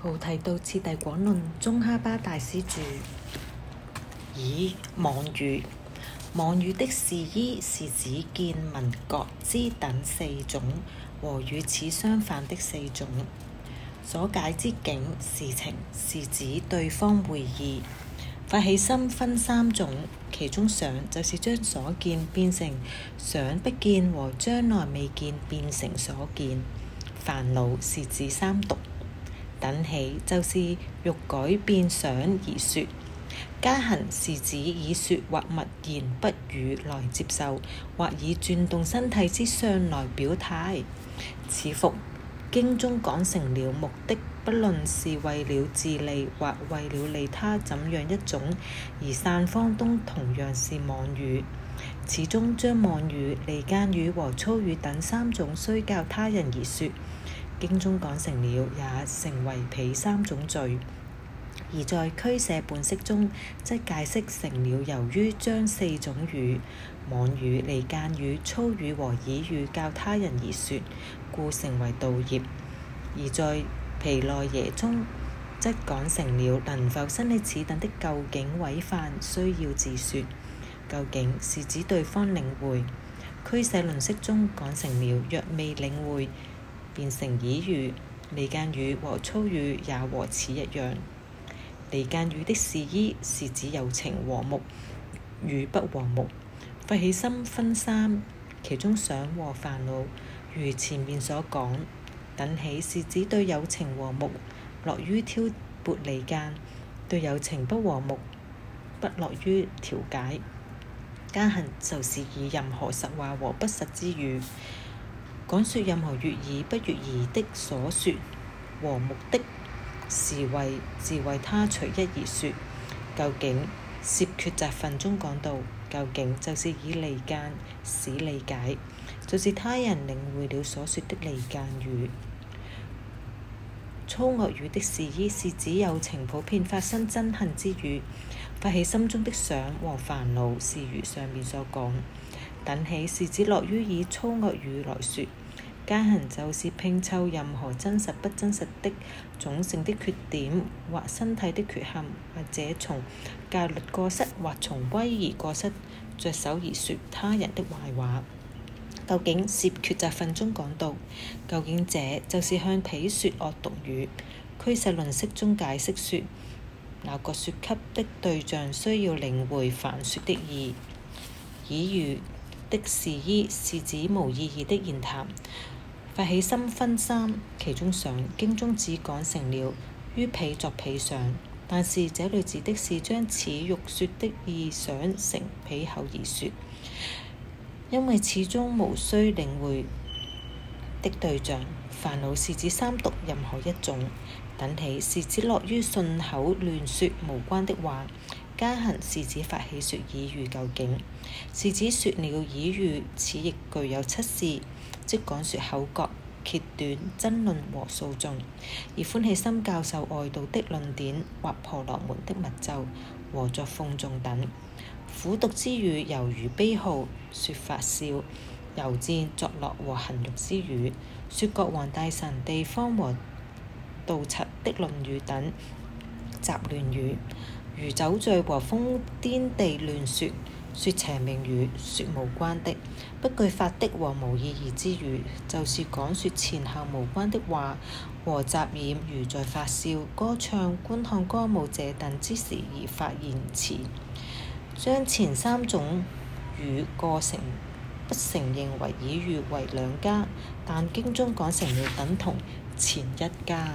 菩提道次第廣論中，哈巴大師住以妄語，妄語的事依是指見聞覺知等四種，和與此相反的四種。所解之境事情是指對方會意。發起心分三種，其中想就是將所見變成想不見和將來未見變成所見。煩惱是指三毒。等起就是欲改變想而說，加行是指以說或默言不語來接受，或以轉動身體之相來表態。此佛經中講成了目的，不論是為了自利或為了利他，怎樣一種，而散方東同樣是妄語。始終將妄語、離間語和粗語等三種需教他人而說。經中講成了，也成為彼三種罪；而在俱舍本釋中，則解釋成了由於將四種語、妄語、離間語、粗語和綺語教他人而說，故成為道業；而在毗奈耶中，則講成了能否生起此等的究竟違犯需要自説，究竟是指對方領會。俱舍論釋中講成了，若未領會。變成耳語，離間語和粗語也和此一樣。離間語的示意是指有情和睦，與不和睦。發起心分三，其中想和煩惱，如前面所講，等起是指對有情和睦，樂於挑撥離間；對有情不和睦，不樂於調解。加行就是以任何實話和不實之語。講説任何悦耳不悦耳的所說和目的，是為自為他隨一而説。究竟攝決擇分中講到，究竟就是以離間使理解，就是他人領會了所說的離間語。粗惡語的示意是指有情普遍發生憎恨之語，發起心中的想和煩惱，是如上面所講。等起是指樂於以粗惡語來說，加行就是拼湊任何真實不真實的種性的缺點，或身體的缺陷，或者從戒律過失或從威儀過失着手而說他人的壞話。究竟《攝決擇分》中講到，究竟這就是向彼説惡毒語。《俱舍論釋》中解釋說，那個説給的對象需要領會凡説的義，以如。的事是指無意義的言談，發起心分三，其中想，經中只講成了於被作被想，但是這裏指的是將此欲說的意想成被後而說，因為始終無須領會的對象。煩惱是指三毒任何一種，等起是指樂於順口亂說無關的話。家行是指發起説耳語，究竟是指説了耳語，此亦具有七事，即講説口角、揭短、爭論和訴訟，而歡喜心教授外道的論典或婆羅門的密咒和作奉眾等。苦讀之語猶如悲號，説法笑、遊戰、作樂和行欲之語，説國王大臣地方和盜賊的論語等雜亂語。如酒醉和瘋癲地亂說、説邪命語、説無關的、不具法的和無意義之語，就是講説前後無關的話和雜染。如在發笑、歌唱、觀看歌舞者等之時而發言辭，將前三種語過成不承認為已語為兩家，但經中講成了等同前一家。